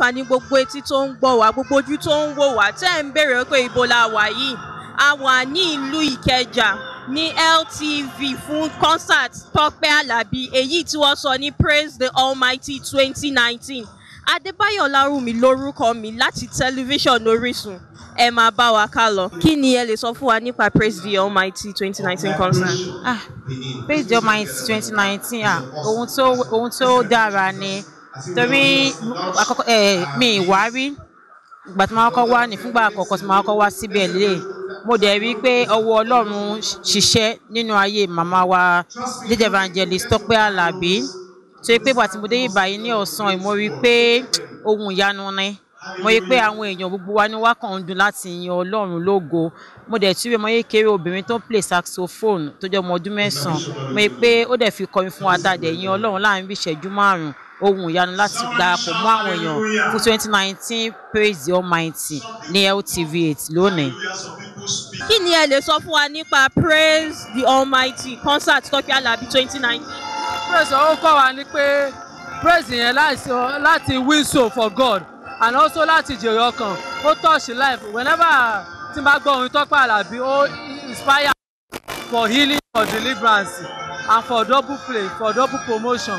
láǹfààní gbogbo etí tó ń gbọ́ wá gbogbo ojú tó ń wò wá tẹ́ ń béèrè pé ibo la wà yìí a wà ní ìlú Ìkẹjà ní LTV fún concert Tọ́pẹ́ Àlàbí èyí tí wọ́n sọ ní Praise the Almighty 2019 Adébáyọ̀ Lárùmí lórúkọ mi láti tẹlifíṣàn Orísun ẹ máa bá wa ká lọ kí ni ẹ lè sọ fún wa nípa Praise the Almighty 2019 concert. ah Praise the Almighty 2019 ah ohun tó ohun tó dára ni torí àkọ́kọ́ ẹ̀ eh, mi wá rí ìgbà tí màá kọ́ wá ní fúngbà àkọ́kọ́ tí màá kọ́ wá síbẹ̀ lè mo dẹ̀ rí pé ọwọ́ ọlọ́run ṣiṣẹ́ nínú ayé màmá wa lead evangelist tọ́pẹ́ alábí tó pé bàtí mo dé ìbàyí ní ọ̀sán mo rí pé ohun ìyanu ni mo rí pé àwọn èèyàn gbogbo wa ni wá kàn ń dùn láti yan ọlọ́run lógo mo dẹ̀ tún rí ọmọ yìí kéré obìnrin tó ń play saxophone tó jẹ́ ọmọ ọdún mẹ́sàn-án mo rí i pé ó dẹ̀ fi kọrin fún wa dáadẹ̀ yan ọlọ́run láàrin bí ìṣẹ́jú márùn-ún ohun ìyanu láti darapọ̀ mọ́ àwọn èèyàn fún twenty nineteen praise the almighty ní LTV eight lónìí. kí ni ẹ lè sọ fún wa nípa praise the almighty concert Tọ́kì Àlàbí twenty nineteen. praise ọ̀hún kọ́ wa ni pé praise yẹn láti win soul for God and also láti jèrè ọkàn ó touch life whenever tí n bá gbọ́ orin Tọ́pẹ́ Àlàbí ó inspire for healing for deliverance and for double play for double promotion.